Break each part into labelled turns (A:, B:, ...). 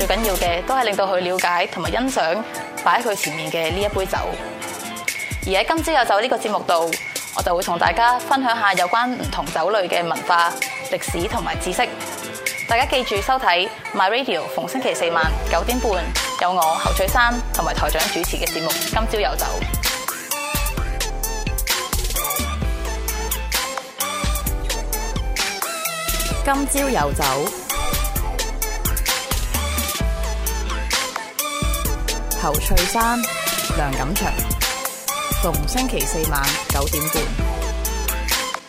A: 最緊要嘅都係令到佢了解同埋欣賞擺喺佢前面嘅呢一杯酒。而喺今朝有酒呢個節目度，我就會同大家分享下有關唔同酒類嘅文化、歷史同埋知識。大家記住收睇，My Radio 逢星期四晚九點半有我侯翠珊同埋台長主持嘅節目《今朝有酒》。今朝有酒。侯翠山、梁錦祥，逢星期四晚九點半。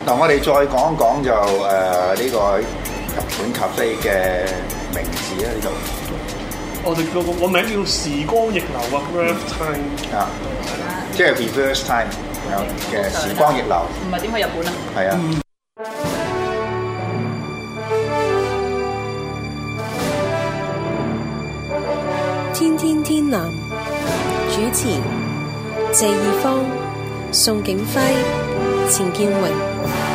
B: 嗱，我哋再
A: 講一講就誒呢個日本咖啡嘅名字啊，呢度。
B: 我哋個個我名叫時光逆流啊，Reverse
A: Time 啊，即係 Reverse Time 嘅時光逆流。唔係點去日本啊？係啊。主持：謝易方、宋景輝、錢建榮、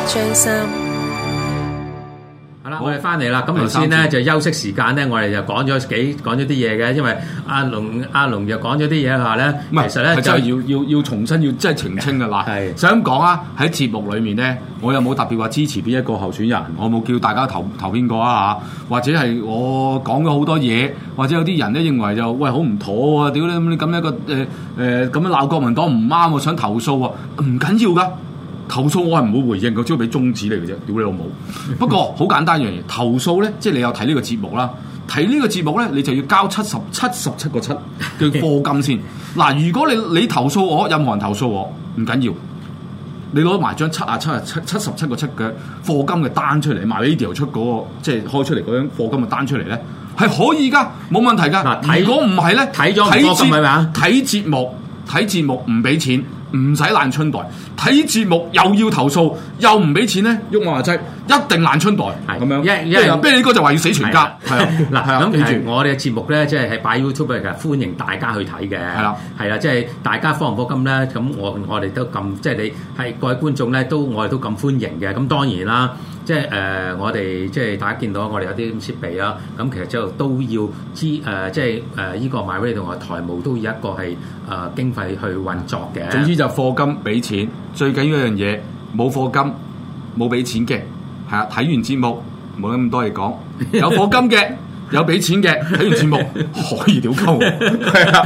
A: 張三。我哋翻嚟啦，咁頭先咧就休息時間咧，我哋就講咗幾講咗啲嘢嘅，因為阿龍阿龍又講咗啲嘢吓咧，其實咧就
B: 要要重新要即係澄清㗎啦。想講啊，喺節目裏面咧，我又有冇特別話支持邊一個候選人？我冇叫大家投投邊個啊，或者係我講咗好多嘢，或者有啲人咧認為就喂好唔妥啊，屌你咁樣個呃、呃、咁樣鬧國民黨唔啱我想投訴喎、啊，唔緊要㗎。投訴我係唔會回應，佢只會俾宗旨嚟嘅啫，屌你老母！ 不過好簡單一樣嘢，投訴咧，即係你有睇呢個節目啦，睇呢個節目咧，你就要交七十七十七個七嘅課金先。嗱， 如果你你投訴我，任何人投訴我，唔緊要，你攞埋張七啊七啊七七十七個七嘅課金嘅單出嚟，MyRadio 出嗰個，即係開出嚟嗰張課金嘅單出嚟咧，係可以噶，冇問題噶。 如果唔係咧，睇咗唔多，係咪？睇 節目，睇節目唔俾錢。唔使爛春袋，睇節目又要投訴，又唔俾錢咧，喐我話齋，一定爛春袋，咁樣，跟住跟住呢個就話要死全家，係嗱咁。其實
A: 我哋嘅節目咧，即係擺 YouTube 嘅，歡迎大家去睇嘅，係啦，係啦，即係、就是、大家科唔科金咧，咁我我哋都咁，即、就、係、是、你係各位觀眾咧，我都我哋都咁歡迎嘅，咁當然啦。即係誒、呃，我哋即係大家見到我哋有啲設備啊，咁其實之後都要知，誒，即係誒呢個買俾你同埋台務都要一個係誒、呃、經費去運
B: 作嘅。總之就課金俾錢，最緊要一樣嘢冇課金冇俾錢嘅，係啊！睇完節目冇咁多嘢講，有課金嘅。 有俾錢嘅睇完節目 可以屌鳩，係 是啊！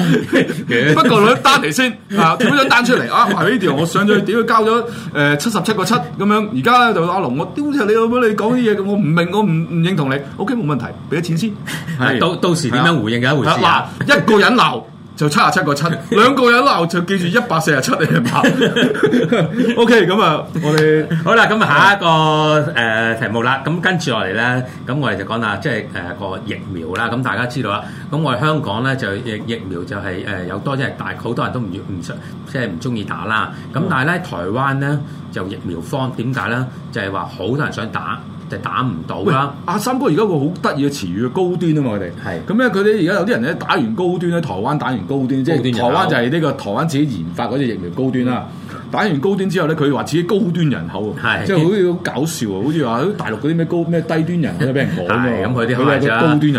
B: 不過攞單嚟先啊，點樣單出嚟啊？呢條，我上咗去，屌佢交咗誒、呃、七十七個七咁樣，而家咧就阿龍，我屌就你老母，你講啲嘢，我唔明，我唔唔認同你。OK，冇問題，俾啲錢先。係、啊啊、到到時點樣回應嘅一回事啊！啊啊一個人鬧。 就七啊七個七，兩個人鬧就記住一百四十七嚟嘅嘛。 OK，咁那啊， 我哋好啦，咁啊下一個
A: 誒、 呃、題目啦。咁跟住落嚟咧，咁我哋就講啦，即係個疫苗啦。咁大家知道啦，咁我哋香港咧就疫疫苗就係、是呃、有多即係、就是、大好多人都唔唔想即係唔中意打啦。咁但係咧、嗯、台灣咧就疫苗荒點解咧？就係話好多人想打。就打唔
B: 到啦！阿三哥，而家個好得意嘅詞語，高端啊嘛！佢哋係咁咧，佢哋而家有啲人咧打完高端咧，台灣打完高端，高端即係台灣就係呢個台灣自己研發嗰隻疫苗高端啦、嗯。打完高端之後咧，佢話自己高端人口啊，即係好似好搞笑啊！好似話大陸嗰啲咩高咩低端人咧俾人講㗎，咁佢啲口啊！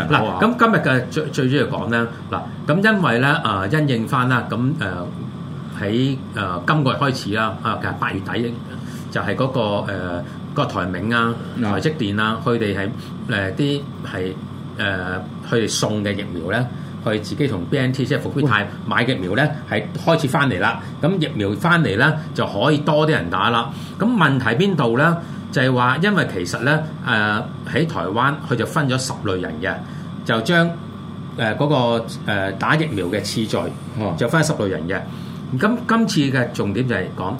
B: 嗱，咁今
A: 日嘅最最主要講咧，嗱咁因為咧啊，因應翻啦，咁誒喺誒今個月開始啦，啊、呃、其實八月底就係嗰、那個、呃個台銘啊，台積電啊，佢哋係誒啲係誒佢哋送嘅疫苗咧，佢自己同 BNT 即係復必泰買疫苗咧，係開始翻嚟啦。咁、嗯、疫苗翻嚟咧，就可以多啲人打啦。咁、嗯、問題邊度咧？就係、係、話因為其實咧誒喺台灣佢就分咗十類人嘅，就將誒嗰、呃嗰個、呃、打疫苗嘅次序就分咗十類人嘅、嗯嗯嗯。今今次嘅重點就係講。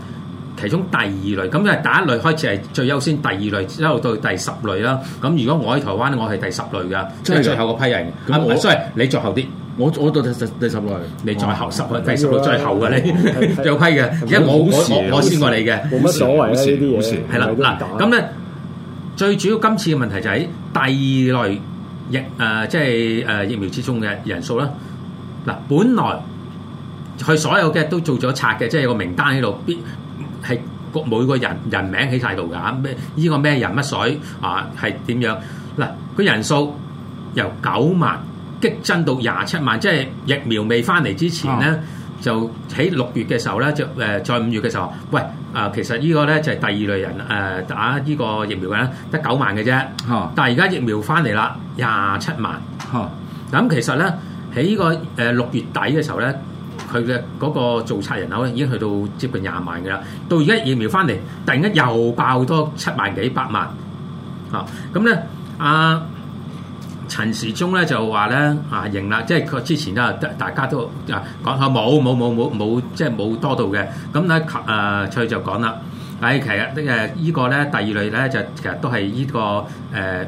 A: 其中第二類咁就係第一類開始係最優先，第二類之後到第十類啦。咁如果我喺台灣，我係第十類嘅，即係最後嗰批人。咁我即係你在後啲，我
B: 我到第十類，
A: 你再後十類，第十類最後嘅你有批嘅，因為我好我我先過你嘅，冇乜所謂呢啲嘢。係啦嗱，咁咧最主要今次嘅問題就喺第二類疫誒即係誒疫苗之中嘅人數啦。嗱，本來佢所有嘅都做咗冊嘅，即係個名單喺度。係每個人人名喺曬度噶，咩依個咩人乜水啊？係點樣嗱？個人數由九萬激增到廿七萬，即係疫苗未翻嚟之前咧，就喺六月嘅時候咧，就誒在五月嘅時候，喂啊！其實依個咧就係第二類人誒打依個疫苗嘅咧，得九萬嘅啫。嚇！但係而家疫苗翻嚟啦，廿七萬。嚇！咁其實咧喺依個誒六月底嘅時候咧。佢嘅嗰個造冊人口已經去到接近廿萬嘅啦，到而家疫苗翻嚟，突然間又爆多七萬幾百萬啊！咁咧，阿、啊、陳時中咧就話咧啊，認啦，即係佢之前都係大家都啊講下冇冇冇冇冇，即係冇多到嘅。咁咧，阿、呃、翠就講啦，誒、哎，其實誒依個咧第二類咧就其實都係依、這個誒。呃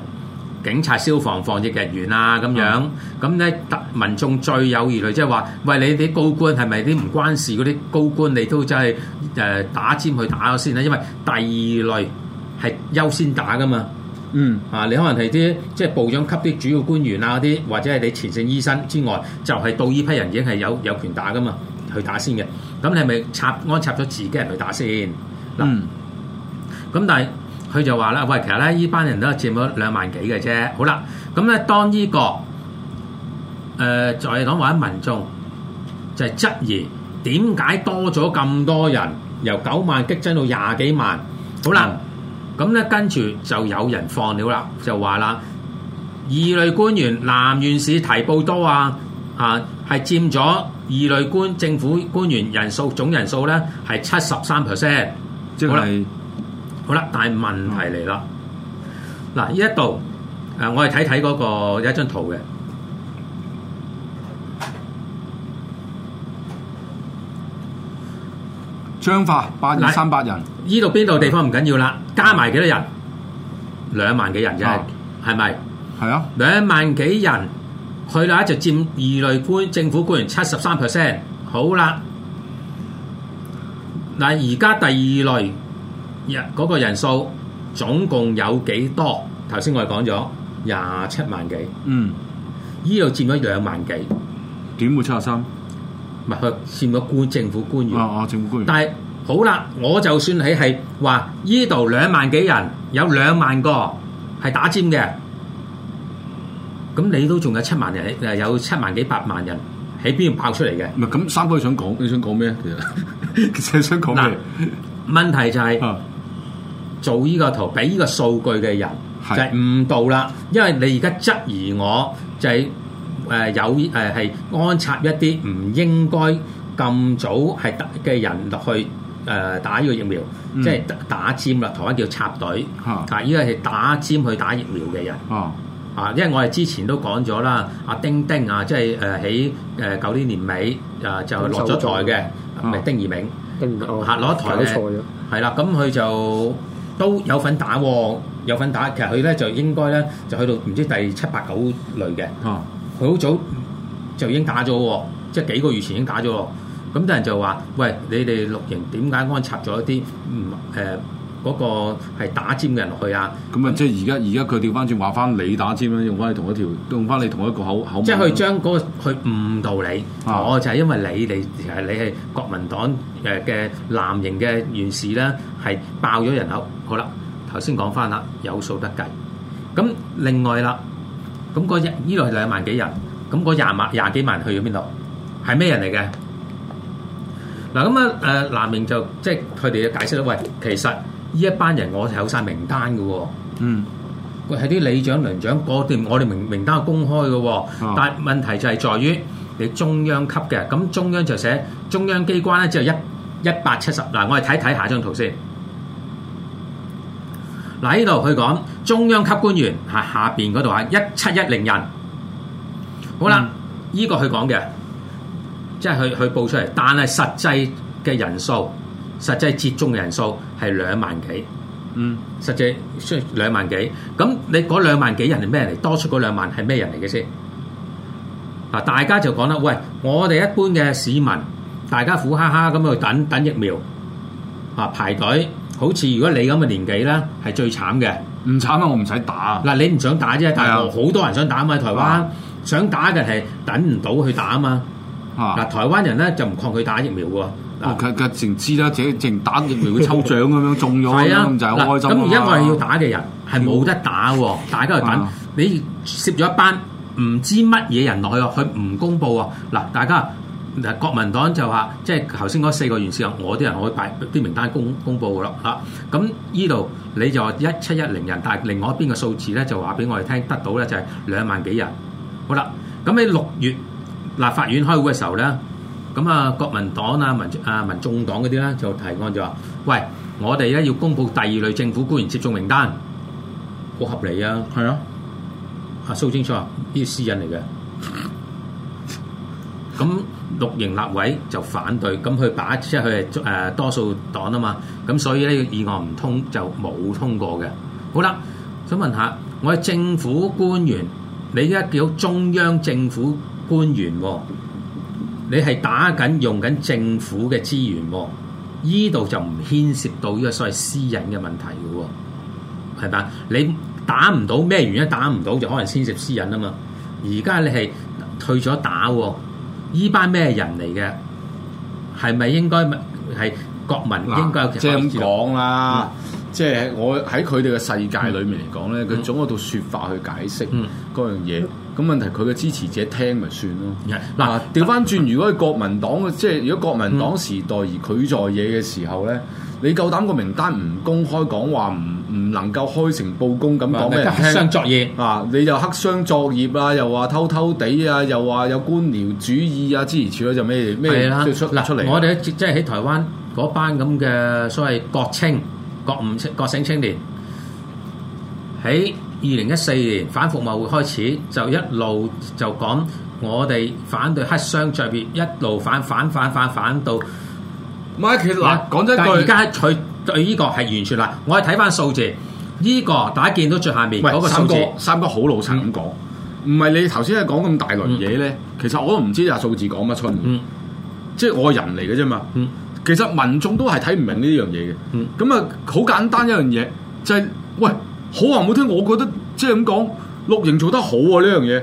A: 警察、消防、防疫人員啊，咁樣咁咧，特、嗯、民眾最有疑慮，即係話，喂，你啲高官係咪啲唔關事嗰啲高官，你都真係誒打尖去打先咧？因為第二類係優先打噶嘛，嗯啊，你可能係啲即係部長級啲主要官員啊嗰啲，或者係你前線醫生之外，就係、是、到呢批人已經係有有權打噶嘛，去打先嘅。咁你係咪插安插咗自己人去打先？嗯，咁但係。佢就話啦，喂，其實咧，呢班人都係佔咗兩萬幾嘅啫。好啦，咁咧，當依、這個誒再講話，呃、民眾就係質疑點解多咗咁多人，由九萬激增到廿幾萬。好啦，咁、嗯、咧、嗯、跟住就有人放料啦，就話啦，二類官員南縣市提報多啊，啊，係佔咗二類官政府官員人數總人數咧係七十三 percent。即係。好啦，但係問題嚟啦。嗱、嗯，呢一度，誒、呃，我哋睇睇嗰個有一張圖嘅，
B: 彰化八千三百人。
A: 呢度邊度地方唔緊要啦，加埋幾多人？兩萬幾人啫，係、啊、咪？係啊，兩萬幾人，佢嗱就佔二類官政府官員七十三 percent。好啦，嗱，而家第二類。人、那、嗰個人數總共有幾多？頭先我哋講咗廿七萬幾，嗯，呢度佔咗兩萬幾，點會七十三？咪係佢佔咗官政府官員，哦、啊、哦、啊，政府官員。但係好啦，我就算喺係話呢度兩萬幾人有兩萬個係打尖嘅，咁你都仲有七萬人，誒有七萬幾百萬人喺邊度爆出嚟嘅？唔係咁，三哥想講你想講咩？ 其實其實想講咩？問題就係、是。啊做依個圖，俾依個數據嘅人就係誤導啦，因為你而家質疑我就係誒有誒係安插一啲唔應該咁早係得嘅人落去誒打依個疫苗，即係打尖啦，台灣叫插隊。嚇！啊，依個係打尖去打疫苗嘅人。哦。啊，因為我哋之前都講咗啦，阿丁丁啊，即係誒喺誒舊年年尾就落咗台嘅，唔係丁義明。丁義明。嚇！落咗台嘅。走錯咗。係啦，咁佢就。都有份打，哦，有份打，其實佢咧就應該咧就去到唔知第七八九類嘅。佢、嗯、好早就已經打咗喎，哦，即係幾個月前已經打咗喎，咁啲人就話，喂，你哋綠營點解安插咗一啲唔、呃嗰、那個係打尖嘅人落去啊！咁啊，即係而家而家佢調翻轉話翻你打尖啦，用翻你同一條，用翻你同一個口口、啊。即係佢將嗰個佢誤導你，哦、啊，就係因為你哋，而係你係國民黨誒嘅藍營嘅元士咧，係爆咗人口。好啦，頭先講翻啦，有數得計。咁另外啦，咁嗰日依度兩萬幾人，咁嗰廿萬廿幾萬去咗邊度？係咩人嚟嘅？嗱咁啊誒，藍、呃、營就即係佢哋嘅解釋啦。喂，其實呢一班人我哋有晒名單嘅，嗯，佢係啲里長、鄰長，我哋我哋名名單係公開嘅、啊，但問題就係在於你中央級嘅，咁中央就寫中央機關咧，只有一一百七十。嗱，我哋睇睇下張圖先。嗱，呢度佢講中央級官員係下邊嗰度係一七一零人，好啦，呢、嗯呢個佢講嘅，即係佢佢報出嚟，但係實際嘅人數。實際接種嘅人數係兩萬幾，嗯，實際需兩萬幾。咁你嗰兩萬幾人係咩人嚟？多出嗰兩萬係咩人嚟嘅先？啊，大家就講啦，喂，我哋一般嘅市民，大家苦哈哈咁去等等疫苗，啊排隊，好似如果你咁嘅年紀啦，係最慘嘅，唔慘啊！我唔使打。嗱，你唔想打啫，但係好多人想打嘛，台灣係啊想打就係等唔到去打啊嘛。嗱，台灣人咧就唔抗拒打疫苗喎。哦，佢佢成知啦，成成打疫苗會抽獎咁 樣中咗咁就開心啦、啊。咁而家我哋要打嘅人係冇、啊、得打的，大家等、啊、了去等你攝咗一班唔知乜嘢人落去佢唔公布啊！嗱，大家嗱國民黨就話，即係頭先嗰四個院士，我啲人可以擺啲名單公公布噶咯吓。咁呢度你就話一七一零人，但係另外一邊嘅數字咧就話俾我哋聽得到咧就係兩萬幾人。好啦，咁喺六月嗱立法院開會嘅時候咧。咁啊，國民黨啊、民啊、民眾黨嗰啲咧就提案就話，喂，我哋咧要公布第二類政府官員接種名單，好合理啊！係啊，阿清楚生，呢私隱嚟嘅。咁綠營立委就反對，咁佢把即係佢誒多數黨啊嘛，咁所以咧議案唔通就冇通過嘅。好啦，想問下我哋政府官員，你而家叫中央政府官員喎、啊？你係打緊用緊政府嘅資源喎，依度就唔牽涉到呢個所謂私隱嘅問題嘅喎，係咪？你打唔到咩原因打唔到就可能牽涉私隱啊嘛。而家你係退咗打喎，依班咩人嚟嘅？係咪應該
B: 係國民應該有？即係咁講啦，即係、嗯就是、我喺佢哋嘅世界裏面嚟講咧，佢、嗯、總有到説法去解釋嗰樣嘢。咁問題佢嘅支持者聽咪算咯？嗱、啊，調翻轉，如果係國民黨，嗯、即係如果國民黨時代而佢在野嘅時候咧，你夠膽個名單唔公開講話，唔唔能夠開誠佈公咁講咩？黑箱作業啊！你又黑箱作業啊作業又話偷偷地啊，又話有官僚主義啊，之持處於就咩咩、啊、出、啊、出嚟？我哋即係喺台
A: 灣嗰班咁嘅所謂國青、國五青、國省青年喺。二零一四年反服貿會開始，就一路就講我哋反對黑箱作業，一路反反反反反到。唔係，其實嗱，講真一句，而家佢對呢個係完全啦，我哋睇翻數字，呢、這個大家見到最下面嗰、那個三哥，
B: 三哥好老實咁講，唔、嗯、係你頭先講咁大輪嘢咧。其實我都唔知啲數字講乜出、嗯，即係我人嚟嘅啫嘛。其實民眾都係睇唔明呢樣嘢嘅。咁、嗯、啊，好簡單一樣嘢就係、是、喂。好話唔好聽，我覺得即係咁講，綠營做得好啊呢樣嘢，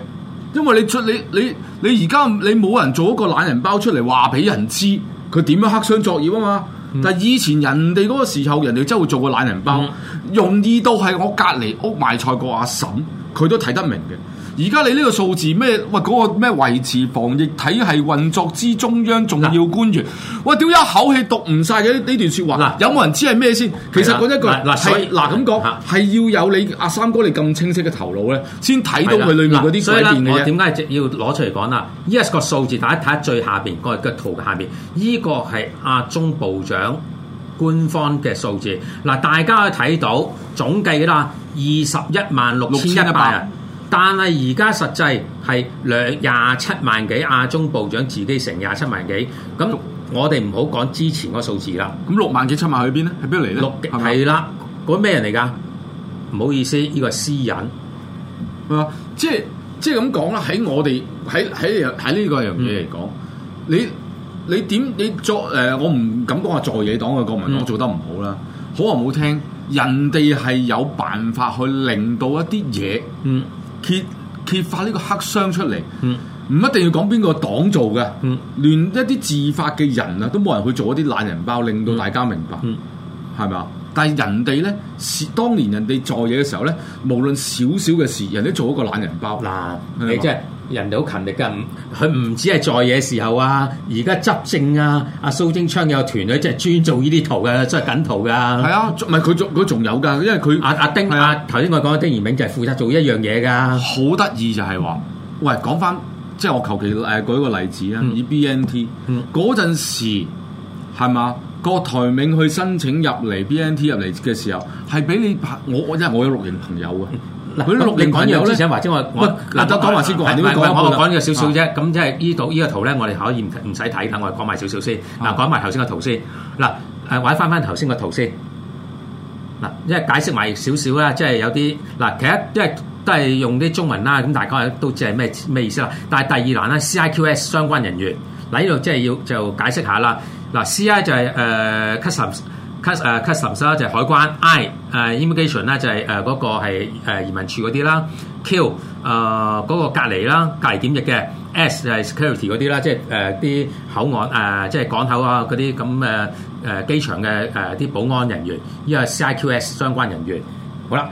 B: 因為你出你你你而家你冇人做一個懶人包出嚟話俾人知佢點樣黑箱作業啊嘛，嗯、但係以前人哋嗰個時候，人哋真係會做個懶人包、嗯，容易到係我隔籬屋賣菜個阿嬸佢都睇得明嘅。而家你呢個數字咩？喂，嗰、那個咩維持防疫體系運作之中央重要官員，啊、哇！屌一口氣讀唔晒嘅呢段說話。啊、有冇人知係咩先？其實講一句，係嗱咁講，係、啊啊啊、要有你阿、啊、三哥你咁清晰嘅頭腦咧，先睇到佢裏面嗰啲改變嚟嘅。點、啊、解要
A: 攞出嚟講啦？呢、這、一個數字，大家睇下最下邊個、那個圖下邊，呢、這個係阿、啊、中部長官方嘅數字。嗱、啊，大家可以睇到總計啦、啊，二十一萬六千一百人。但係而家實際係兩廿七萬幾亞，中部長自己成廿七萬幾。咁我哋唔好講之前嗰個數字啦。咁六萬幾七萬去邊咧？係邊度嚟咧？六極係啦，嗰咩人嚟㗎？唔
B: 好意思，呢個係私隱。啊，即係即係咁講啦。喺我哋喺喺喺呢個樣嘢嚟講，你你點你作誒、呃？我唔敢講話在野黨嘅國民黨做得唔好啦、嗯。好話唔好聽，人哋係有辦法去令到一啲嘢。嗯揭揭發呢個黑箱出嚟，唔、嗯、一定要講邊個黨做嘅、嗯，連一啲自發嘅人啊都冇人去做一啲懶人包，令到大家明白，係咪啊？但係人哋咧，當年人哋做嘢嘅時候咧，無論少少嘅事，人都做一個懶人包嗱、啊，係咪？你即係。人哋好勤
A: 力噶，佢唔止係在野時候啊，而家執政啊，阿蘇貞昌有團隊即係專做呢啲圖嘅，即係緊圖噶。係啊，唔係佢做佢仲有噶，因為佢阿阿丁係啊，
B: 頭、啊、先、啊啊、我講阿丁怡銘就係負責做一樣嘢噶。好得意就係話，喂，講翻即係我求其誒舉一個例子啊，以 B N T 嗰、嗯、陣、嗯、時係嘛，郭台銘去申請入嚟 B N T 入嚟嘅時候，係俾你拍我，我真係我有六年朋友啊。嗯嗱、那個，佢啲六零講嘢咧，
A: 而且或者我，唔，嗱，得講話先講，唔係唔係，我講呢個少少啫。咁即係呢度呢個圖咧，我哋可以唔唔使睇，等、啊、我講埋少少先。嗱、啊，講埋頭先個圖先。嗱，誒，玩翻翻頭先個圖先。嗱，即係解釋埋少少啦。即係有啲嗱，其實即係都係用啲中文啦，咁大家都知係咩咩意思啦。但係第二欄咧，C I Q S 相關人員，嗱，呢度即係要就解釋下啦。嗱，C I 就係誒，customs。Customs 啦就係海關，I 誒 Immigration 啦就係誒嗰個係移民處嗰啲啦，Q 誒、呃、嗰、嗰個隔離啦，隔離檢疫嘅，S 就係 Security 嗰啲啦，即係誒啲口岸誒即係港口啊嗰啲咁嘅誒機場嘅誒啲保安人員，呢個 C I Q S 相關人員，好啦，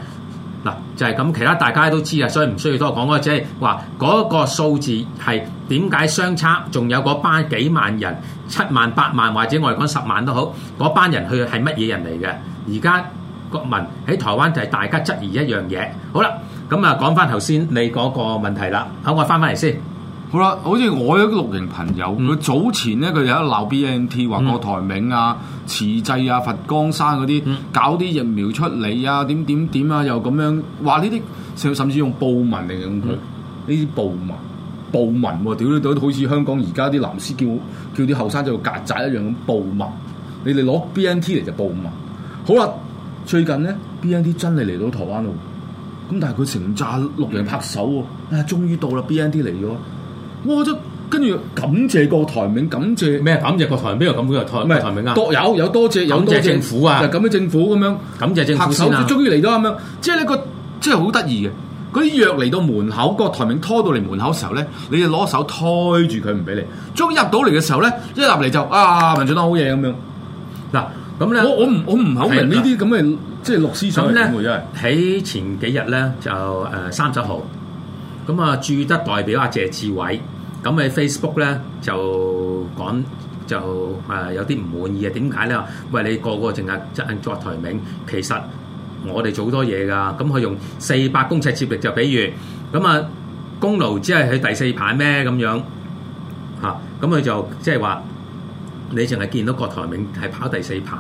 A: 嗱就係、係、咁，其他大家都知啊，所以唔需要多講咯，即係話嗰個數字係。點解相差？仲有嗰班幾萬人、七萬八萬或者我哋講十萬都好，嗰班人去係乜嘢人嚟嘅？而家國民喺台灣就係大家質疑一樣嘢。好啦，咁啊講翻頭先你嗰個問題啦。好，我翻返嚟先。
B: 好啦，好似我啲陸人朋友，佢、嗯、早前咧佢有一度鬧 B N T 話郭台銘啊、慈濟啊、佛光山嗰啲、嗯、搞啲疫苗出嚟啊、點點點啊，又咁樣話呢啲甚甚至用暴民嚟形容佢呢啲暴民。嗯暴民喎，屌你都好似香港而家啲藍絲叫叫啲後生仔做曱甴一樣咁暴民，你哋攞 B N T 嚟就暴民。好啦，最近咧 B N T 真係嚟到台灣咯，咁但係佢成紮六人拍手喎，啊、哎、終於到啦 B N T 嚟咗，我覺得跟住感謝個台銘，感謝咩？感謝個台銘，又個佢又台銘？唔係台銘啊，多有有多謝，有多謝，謝政府啊，咁、就是、樣政府咁樣感謝政府先啊，拍手終於嚟咗咁樣，即係呢個即係好得意嘅。嗰啲藥嚟到門口，個台名拖到嚟門口嘅時候咧，你就攞手推住佢唔俾你。將入到嚟嘅時候咧，一入嚟就啊，民進黨好嘢咁樣。嗱，咁咧我我唔我唔好明這這呢啲咁嘅即係律師信嘅喺
A: 前幾呢、呃、日咧就誒三十號，咁啊駐德代表阿謝志偉，咁喺 Facebook 咧就講就誒、呃、有啲唔滿意嘅，點解咧？喂，你個個淨係作台名，其實。我哋做好多嘢噶，咁佢用四百公尺接力就比喻咁啊，功勞只係去第四棒咩咁樣吓，咁佢就即係話，你淨係見到郭台銘係跑第四棒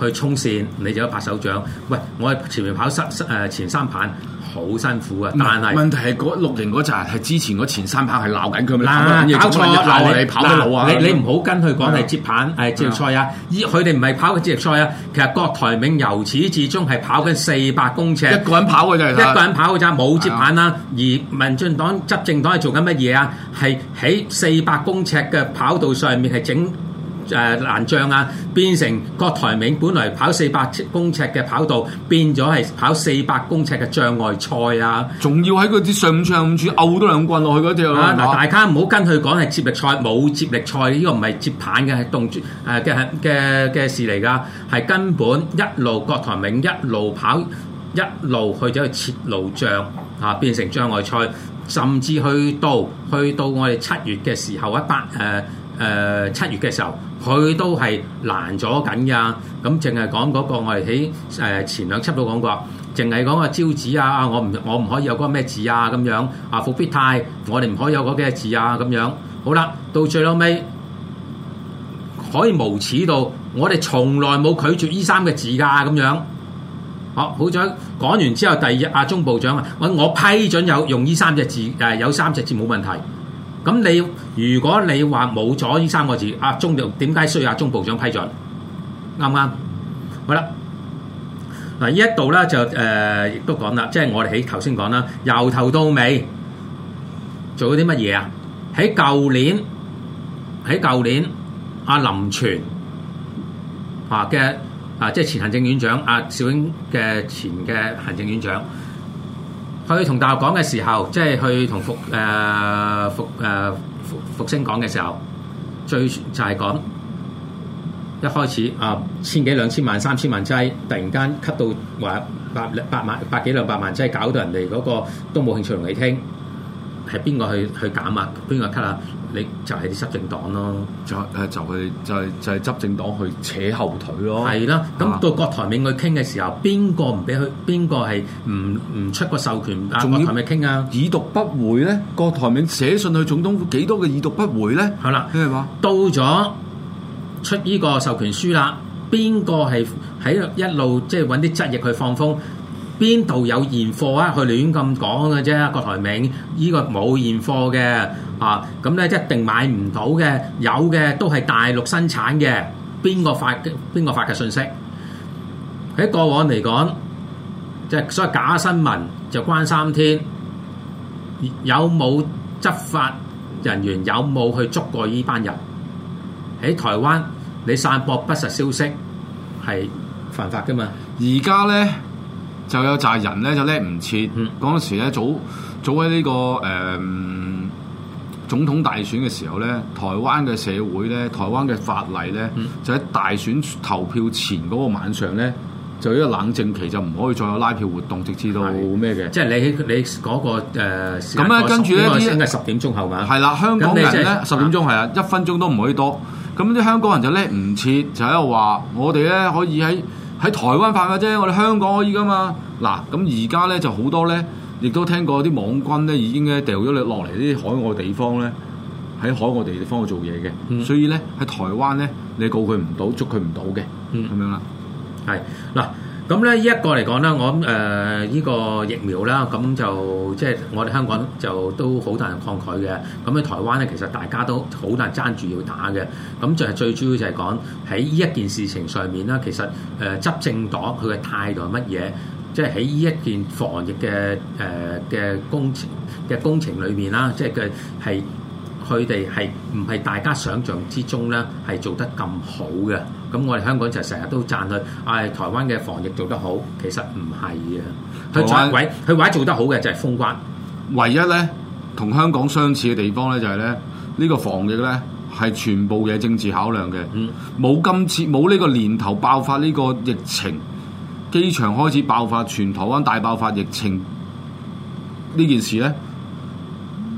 A: 去衝線，你就一拍手掌。喂，我係前面跑三三誒
B: 前三棒。好辛苦啊！但係問題係六零嗰集係之前嗰前三跑係鬧緊佢咩？嗱，搞錯啦！你跑嘅路啊，你你唔好跟佢講係接棒，係接力賽啊！
A: 依佢哋唔係跑嘅接力賽啊！其實郭台銘由始至終係跑緊四百公尺，一個人跑嘅咋，一個人跑嘅咋，冇接棒啦，啊！而民進黨執政黨係做緊乜嘢啊？係喺四百公尺嘅跑道上面係整。誒、呃、難障啊！變成郭台銘本來跑四百公尺嘅跑道，變咗係跑四百公尺嘅障礙賽啊！仲要喺佢啲上五處下五處拗多兩棍落去嗰條嗱，大家唔好跟佢講係接力賽，冇接力賽，呢、呢個唔係接棒嘅，係動誒嘅嘅嘅事嚟㗎，係根本一路郭台銘一路跑，一路去咗去切路障啊，變成障礙賽，甚至去到去到我哋七月嘅時候一八誒誒七月嘅時候。呃呃佢都係難咗緊噶，咁淨係講嗰個我哋喺誒前兩輯都講過，淨係講個招紙啊，我唔我唔可以有嗰個咩字啊咁樣啊復必泰，我哋唔可以有嗰啲字啊咁樣。好啦，到最後尾可以無恥到，我哋從來冇拒絕呢三個字噶、啊、咁樣。好，好彩講完之後，第二日阿中部長啊，我我批准有用呢三隻字，誒有三隻字冇問題。咁你如果你話冇咗呢三個字啊，中局點解需要阿、啊、中部長批准？啱唔啱？好啦，嗱呢一度咧就誒亦、呃、都講啦，即、就、係、是、我哋喺頭先講啦，由頭到尾做咗啲乜嘢啊？喺舊年喺舊年，阿林全啊嘅啊即係前行政院長阿、啊、小英嘅前嘅行政院長。去同大陸講嘅時候，即係去同復星講嘅時候，最就係、是、講一開始啊，千幾兩千萬、三千萬劑，突然間 cut 到話百百百幾兩百萬劑，搞到人哋嗰個都冇興趣同你聽，係邊個去去減啊？邊個 cut 啊？你就係、是、啲執政黨咯，就係就去就就是、執政黨去扯後腿咯。係啦，咁到郭台銘去傾嘅時候，邊個唔俾佢？邊個係
B: 唔唔出個授權？仲要同佢傾啊？已讀不回咧？郭台銘寫信去總統府幾多嘅已讀不回咧？係啦，係嘛？到咗出呢個授權
A: 書啦，邊個係喺一路即係揾啲質疑去放風？邊度有現貨啊？佢亂咁講嘅啫，郭台銘，呢、這個冇現貨嘅。啊，咁咧一定買唔到嘅，有嘅都係大陸生產嘅，邊個發邊個發嘅信息？喺過往嚟講，即係所謂假新聞就關三天，有冇執法人員有冇去捉過呢班人？喺台灣，你散播不
B: 實消息係犯法噶嘛？而家咧就有就係人咧就叻唔切，嗰陣時咧早早喺呢個誒，總統大選嘅時候咧，台灣嘅社會咧，台灣嘅法例咧、嗯，就喺大選投票前嗰個晚上咧，就一個冷靜期，就唔可以再有拉票活動，直至到咩嘅？即係你你嗰、嗰個誒、呃、時間嗰十點係十點鐘後嘛？係啦，香港人咧十、就是、點鐘係啊是，一分鐘都唔可以多。咁啲香港人就叻唔切，就喺度話：我哋咧可以喺喺台灣發嘅啫，我哋香港可以㗎嘛？嗱，咁而家咧就好多咧。亦都聽過啲網軍咧，已經咧掉咗落落嚟啲海外地方咧，喺海外地方做嘢嘅，所以咧喺台灣咧，你告佢唔到，捉佢唔到嘅，咁樣啦，係嗱，咁咧呢一個嚟講咧，我諗誒呢、呃呢
A: 個疫苗啦，咁就即係、就是、我哋香港就都好多人抗拒嘅，咁喺台灣咧，其實大家都好難爭住要打嘅，咁就係最主要就係講喺呢一件事情上面啦，其實誒執、呃、政黨佢嘅態度係乜嘢？即係喺呢一件防疫嘅誒嘅工程嘅工程裏面啦，即係佢係佢哋係唔係大家想象之中咧係做得咁好嘅？咁我哋香港就成日都讚佢，唉、哎，台灣嘅防疫做得好，其實唔係嘅。佢做
B: 佢唯一做得好嘅就係封關。唯一咧同香港相似嘅地方咧就係咧呢個防疫咧係全部嘅政治考量嘅，冇今次冇呢個年頭爆發呢個疫情。機場開始爆發，全台灣大爆發疫情呢件事咧，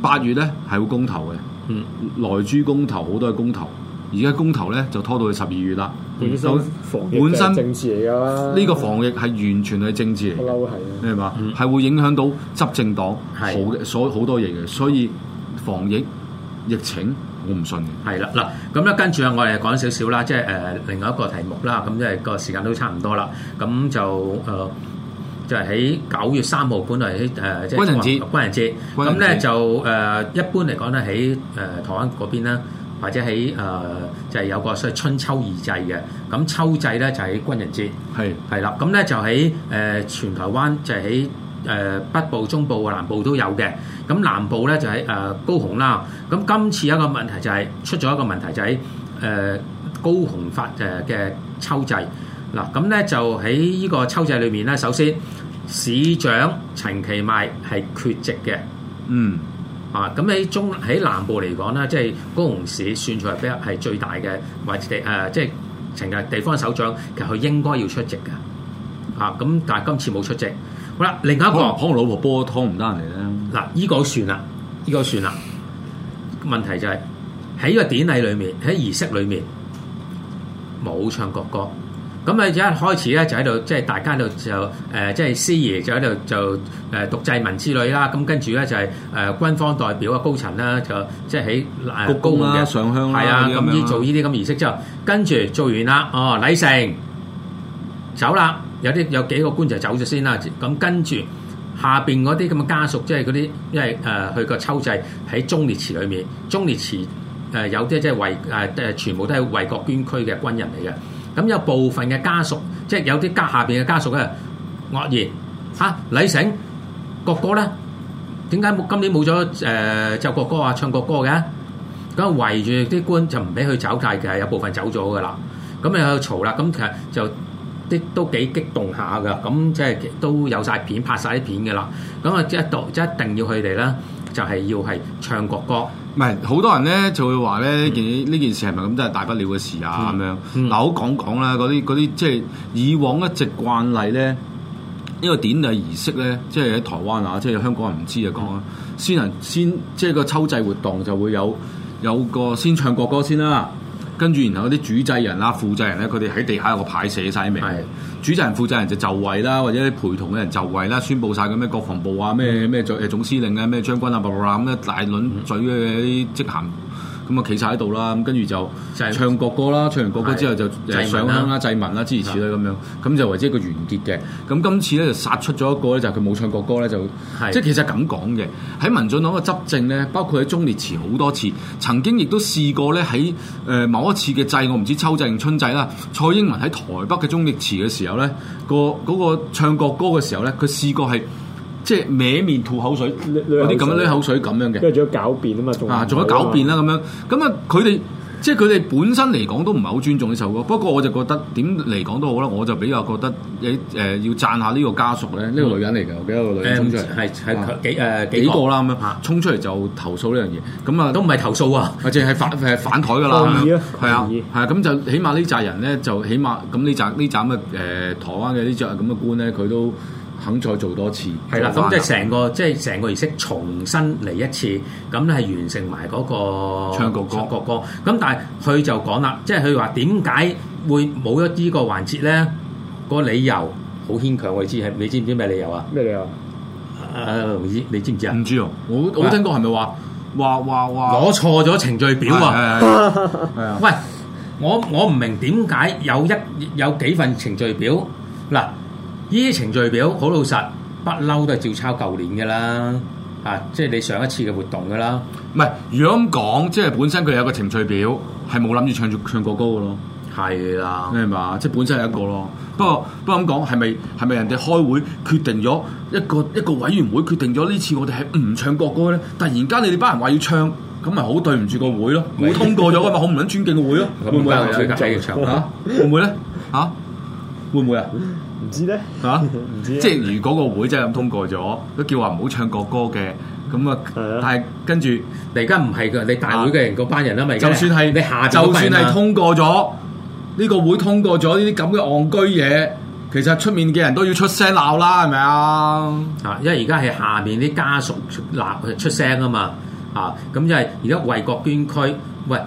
B: 八月咧係會公投嘅，萊豬公投好多係公投，而家公投咧就拖到去十二月啦。嗯、防本身防疫、就是、政治嚟噶啦，呢、呢個防疫係完全係政治嚟，咩嘛，係、嗯、會影響到執政黨好嘅，所好多嘢嘅，所以防疫疫情。我唔信嘅。係啦，嗱，咁咧跟住啊，我哋講少少啦，即係誒另外一
A: 個題目啦，咁即係個時間都差唔多啦，咁就誒就係喺九月三號，本來喺誒即係軍人節，軍人節。咁咧就誒一般嚟講咧，喺誒台灣嗰邊啦，或者喺誒就係有個所謂春秋二祭嘅，咁秋祭咧就喺軍人節，係係啦，咁咧就喺、是、誒全台灣就喺。誒、呃、北部、中部、南部都有嘅，咁南部咧就喺誒、呃、高雄啦。咁今次一個問題就係、是、出咗一個問題、就是，就喺誒高雄發誒嘅秋祭嗱。咁咧就喺呢個秋祭裏面咧，首先市長陳其邁係缺席嘅，嗯啊。咁喺中喺南部嚟講咧，即、就、係、是、高雄市算出嚟比較係最大嘅位置誒，即係成日地方首長其實佢應該要出席嘅，啊咁，但係今次冇出席。啦，另一個可能老婆煲湯唔得人嚟咧。嗱，依個算啦，依、這個算啦。問題就係喺呢個典禮裏面，喺儀式裏面冇唱國歌。咁你一開始咧就喺度，即係大家就、呃、私就誒，即係司儀就喺度就誒，讀祭文之類啦。咁跟住咧就係誒軍方代表的層就在公啊，高層啦，就即係喺鞠躬啦、上香啊，咁呢、啊、做呢啲咁儀式之後，跟住做完啦，哦禮成走啦。有啲有幾個官就走咗先啦，咁跟住下邊嗰啲咁嘅家屬，即係嗰啲，因為誒、呃、去個秋祭喺忠烈祠裏面，忠烈祠誒、呃、有啲即係為誒誒、呃、全部都係為國捐軀嘅軍人嚟嘅，咁有部分嘅家屬，即係有啲家下邊嘅家屬咧惡言嚇禮成國歌咧，點解冇今年冇咗誒就國歌啊唱國歌嘅，咁圍住啲官就唔俾佢走界嘅，有部分走咗噶啦，咁你去嘈啦，咁其實就。啲都幾激動下㗎，咁即係都有晒片，拍
B: 晒啲片㗎啦。咁啊，一到一定要佢哋啦，就係要係唱國歌。唔係好多人咧就會話咧，呢件呢件事係咪咁真係大不了嘅事啊？咁樣嗱，好、嗯嗯、講講啦，嗰啲啲即係以往一直慣例咧，呢、這個典禮儀式咧，即係喺台灣啊，即、就、係、是、香港人唔知就講啊，先人先即係、就是、個秋祭活動就會有有個先唱國歌先啦。跟住然後啲主制人啦、啊、副制人咧，佢哋喺地下有個牌寫晒名。係，主制人、副制人就就位啦，或者陪同嘅人就位啦，宣佈曬咁咩國防部啊咩咩總司令啊咩將軍啊，咁一大輪嘴嘅啲職銜。咁啊，企晒喺度啦，咁跟住就唱國歌啦，唱完國歌之後就上香啦、祭文啦、諸如此類啦咁樣，咁就為之一個完結嘅。咁今次咧就殺出咗一個咧，就佢冇唱國歌咧就，即係其實咁講嘅。喺民進黨嘅執政咧，包括喺忠烈祠好多次，曾經亦都試過咧喺某一次嘅祭，我唔知秋祭定春祭啦。蔡英文喺台北嘅忠烈祠嘅時候咧，個、那、嗰個唱國歌嘅時候咧，佢試過係。即係歪面吐口水，有啲咁樣濺口水咁樣嘅，跟住仲有狡辯啊嘛，仲啊仲要狡辯啦咁樣，咁啊佢哋即係佢哋本身嚟講都唔係好尊重呢首歌。不過我就覺得點嚟講都好啦，我就比較覺得誒誒、呃、要讚下呢個家屬咧，呢、嗯呢個女人嚟嘅，我幾多個女人沖出嚟係係幾誒、呃、幾個啦咁樣拍，啊、衝出嚟就投訴呢樣嘢，咁啊都唔係投訴啊，係淨係反反台㗎啦，惡意啊，係啊，係啊，咁、啊啊啊、就起碼呢扎人咧就起碼咁呢扎呢扎嘅誒台灣嘅呢啲咁嘅官咧佢都。肯再做多次，係啦，咁即係成個即係成個儀式重新嚟一次，咁咧係完成埋嗰、
A: 那個唱國歌，歌，歌，國歌。咁但係佢就講啦，即係佢話點解會冇一啲個環節咧？個理由好牽強，我知係你知唔知咩理由啊？咩理由？誒，uh, 你知唔知啊？唔知哦，我我聽講係咪話話話話攞錯咗程序表啊？係啊，喂，我我唔明點解有一有幾份程序表嗱？呢啲程序表好老實，不
B: 嬲都係照抄舊年嘅啦，啊，即係你上一次嘅活動噶啦。唔係，如果咁講，即係本身佢有個程序表，係冇諗住唱唱國歌嘅咯。係啦，明嘛？即係本身係一個咯。不過不過咁講，係咪係咪人哋開會決定咗一個一個委員會決定咗呢次我哋係唔唱國歌咧？突然間你哋班人話要唱，咁咪好對唔住個會咯？冇 通過咗噶嘛？好唔捻尊敬個會咯？會唔會、， 啊會，會，啊、會，會啊？就係唱吓？會唔會咧？吓？會唔會啊？唔知咧嚇，唔、啊、知即係如果那個會真係咁通過咗，都叫話唔好唱國歌嘅，咁啊，但係跟住你而家唔係噶，你大會嘅人嗰、啊、班人都未。就算係你下就算係通過咗呢、這個會通過咗呢啲咁嘅戇居嘢，其實出面嘅人都要出聲鬧啦，係咪啊？啊，因
A: 為而家係下面啲家屬鬧出聲啊嘛，啊，咁因為而家為國捐軀，喂。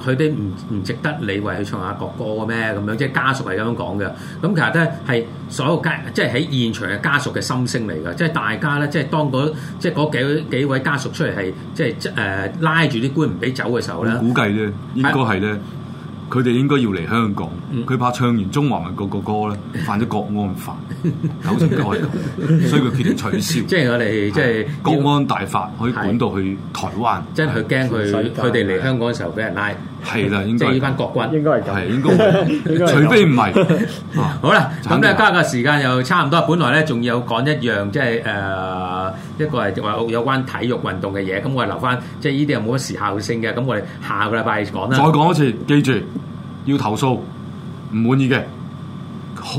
A: 佢哋唔唔值得你為佢唱下國歌咩咁樣？即係家屬係咁樣講嘅。咁其實咧係所有家即係喺現場嘅家屬嘅心聲嚟嘅。即係大家咧，即係當嗰即係幾位家屬出嚟係即係誒拉住
B: 啲官唔俾走嘅時候咧，估計咧應該係咧。佢哋應該要嚟香港，佢、嗯、怕唱完中華民國個歌咧，犯咗國安法， 九成可以咁，所以佢決定取消。即係我哋即係國安大法可以管到去台灣。即係佢驚
A: 佢佢哋嚟香港嘅時候俾人拉。係啦，應該即係呢班國軍，應該係咁，係應該 除非唔不係、 啊。好啦，咁啊，今日時間又差唔多，本來咧仲有講一樣，即係誒、呃、一個係話有關體育運動嘅嘢，咁我哋留翻，即係呢啲又冇乜時效性嘅，咁我哋下個禮拜
B: 講啦。再講一次，記住要投訴，唔滿意嘅，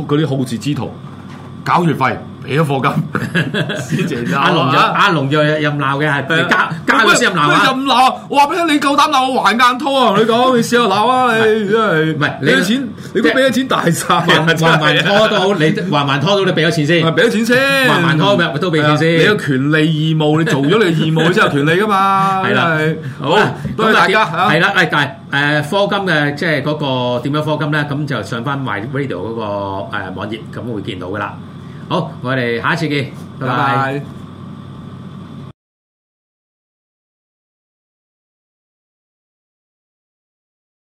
B: 嗰啲好事之徒，搞月費。俾咗課金、啊阿龍，阿龍又阿龍又又鬧嘅係加加咗任入鬧，鬧？我話俾你聽，你夠膽鬧我還硬拖啊！你講，你試下鬧啊！啊你真係唔係你俾錢，你都俾咗錢大晒，慢慢拖到你慢慢拖到你俾咗錢先，俾咗錢先，慢慢拖都俾錢先。你嘅權利義務，你做咗你義務，你 後權利噶嘛？係啦，好，
A: 多謝大家、啊。係啦，誒，第誒，課、那個、金嘅即係嗰個點樣課金咧？咁就上翻 MyRadio 嗰個誒網頁，咁會見到噶啦。好，我哋下次見，拜拜。Bye bye